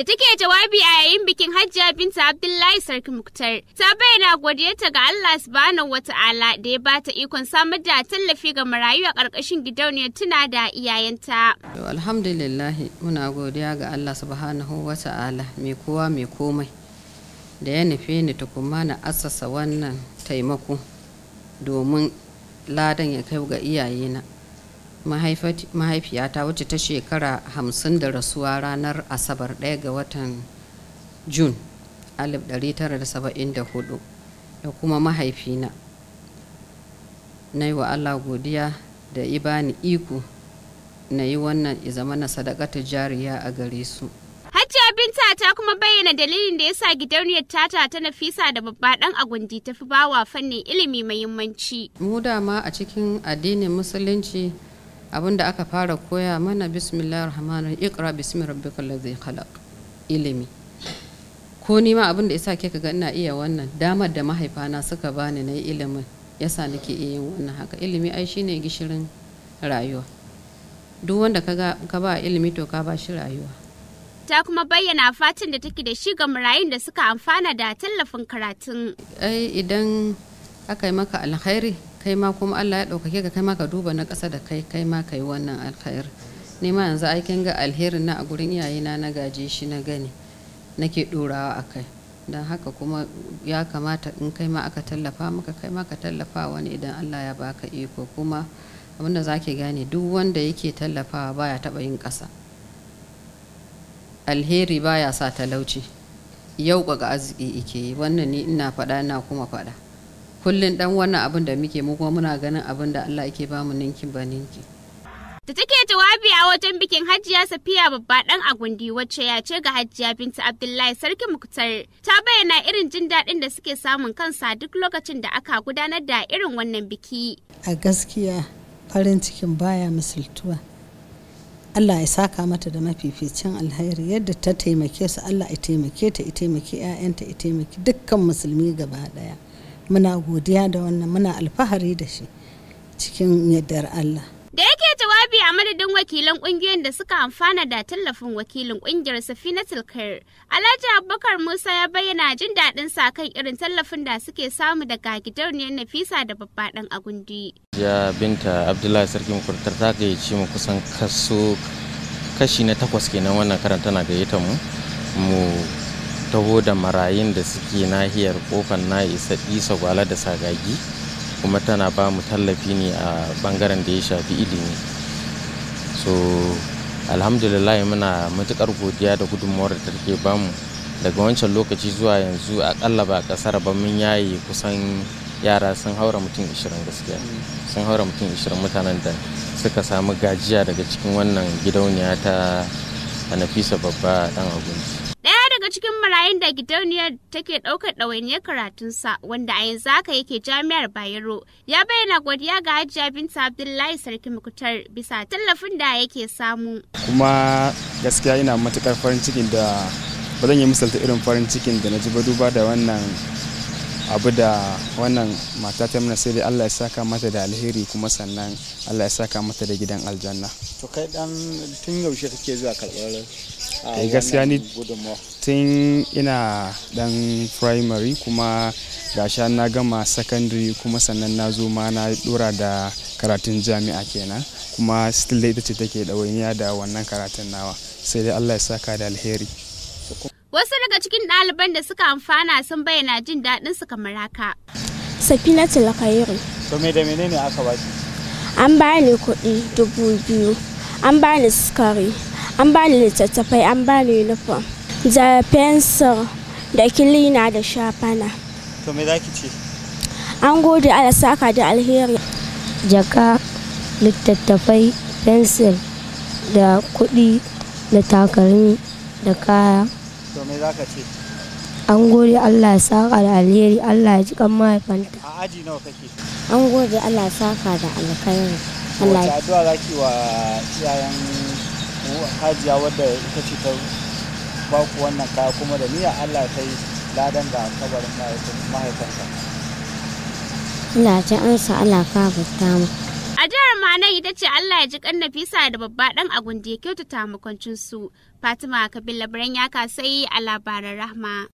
da take jawabi a yayin bikin Hajjiya Binta Abdullahi Sarki Muktar. Ta bayyana godiyarta ga Allah subhanahu wata'ala da ya ba ta ikon samar da tallafi ga marayu a ƙarƙashin gidauniyar tuna da iyayenta. Alhamdulillah muna godiya ga Allah subhanahu wata'ala mai kowa mai komai da ya nufi ni tukuma na asasa wannan taimako domin ladan ya kai ga iyayena. mahaifiyata wacce ta shekara hamsin da rasuwa ranar asabar ɗaya ga watan jun 1974 da kuma mahaifina na yi wa allah godiya da ibani iko na yi wannan izama na sadakata jariya a gare su hajji Binta ta kuma bayyana dalilin da ya sa gidauniyar tata ta Nafisa da babba dan Agundi ta fi bawa fannin ilimi mahimmanci Mu dama a cikin addinin Musulunci Abin da aka fara koya mana bismillah rahman iqra bismi rabbikal ladzi khalaq ilimi ko ni ma abinda yasa ke kaga ina iya wannan damar da mahaifana suka bani na ilimin yasa nake iya wannan haka ilimi ai shine gishirin rayuwa duk wanda kaga ka ba ilimi to ka ba shi rayuwa ta kuma bayyana fatin da take da shi ga marayun da suka amfana da tallafin karatun ai idan aka yi maka alkhairi kai ma kuma Allah ya ɗaukake ka kai ma ka duba na ƙasa da kai kai ma ka yi wannan alkhair ne ma yanzu aikin ga alherin na a gurin iyayena na gaje shi na gani nake ɗorawa a kai don haka kuma ya kamata in kai ma aka tallafa maka kai ma ka tallafa wani idan Allah ya baka iko kuma abin za ki gane duk wanda yake tallafawa baya taɓa yin ƙasa alheri baya sa talauci yau ga arziki ike yi wannan ni ina faɗa na kuma faɗa kullum dan wannan abin da muke mu kuma muna ganin abin da Allah yake ba mu ninki ba ninki da take jawabi a wajen bikin hajiya safiya babba dan agundi wacce ya ce ga hajiya binta abdullahi sarki muktar ta bayyana irin jin daɗin da suke samun kansa duk lokacin da aka gudanar da irin wannan biki a gaskiya farin cikin baya misaltuwa Allah ya saka mata da mafificin alheri yadda ta taimake su Allah ya taimake ta ya taimake 'ya'yanta ya taimake dukkan musulmi gaba ɗaya. muna godiya da wannan muna alfahari da shi cikin yardar Allah. Da yake jawabi a madadin wakilan kungiyoyin da suka amfana da tallafin wakilin kungiyar Safinatul Khair, Alhaji Abubakar Musa ya bayyana jin daɗin sa kan irin tallafin da suke samu daga gidauniyar Nafisa da babbaɗan agundi. Ya binta Abdullahi Sarki Mukurtar ta gayyaci mu kusan kaso kashi na takwas kenan wannan karanta na gayyatar mu mu taho da marayun da suke nahiyar kofar na isa isa gwala da sagagi kuma tana ba mu tallafi ne a bangaren da ya shafi ilimi so alhamdulillah muna matukar godiya da gudunmawar da take bamu daga wancan lokaci zuwa yanzu akalla ba kasar ba mun yaye kusan yara sun haura mutum 20 gaskiya sun haura mutum 20 mutanen da suka samu gajiya daga cikin wannan gidauniya ta nafisa babba dan abinci. yayin da gidauniyar take ɗaukar ɗawainiyar karatunsa wanda a yanzu haka yake jami'ar bayero ya bayyana godiya ga hajiya binta abdullahi sarki mukutar bisa tallafin da yake samu kuma gaskiya ina matukar farin cikin da ba zan yi misalta irin farin cikin da na ji ba duba da wannan abu da wannan mata ta mana sai dai Allah ya saka mata da alheri kuma sannan Allah ya saka mata da gidan aljanna to kai dan tun yaushe kake zuwa karɓar ah, eh gaskiya ni tun ina dan primary kuma gasha na gama secondary kuma sannan na zo ma na dora da karatun jami'a kenan kuma still ita ce take ɗawainiya da wannan karatun nawa sai dai Allah ya saka da alheri Wasu daga cikin ɗaliban da suka amfana sun bayyana jin daɗin su kamar haka. Safina Tilakayiri. To me da menene aka ba An ba ni kuɗi dubu biyu, an ba ni sukari, an ba ni littattafai, an ba ni uniform, da fensir, da kilina da shafana. To me za ki ce? An gode ala saka da alheri. Jaka, littattafai, fensir, da kuɗi, da takalmi, da kaya. to me zaka ce an gode Allah ya saka da alheri Allah ya ji kan mahaifanta a aji nawa kake an gode Allah ya saka da alkhairi Allah ya addu'a zaki wa iyayen hajiya wadda ita ce ta ba ku wannan kaya kuma da niyyar Allah ta yi ladan ga kabarin mahaifanta. ina ta ansa Allah ka bata mu A jihar Manan ita ce Allah ya ji kan Nafisa da babba dan agundi ya kyautata makwancin su. Fatima Kabila Biran ya kasai a labaran rahma.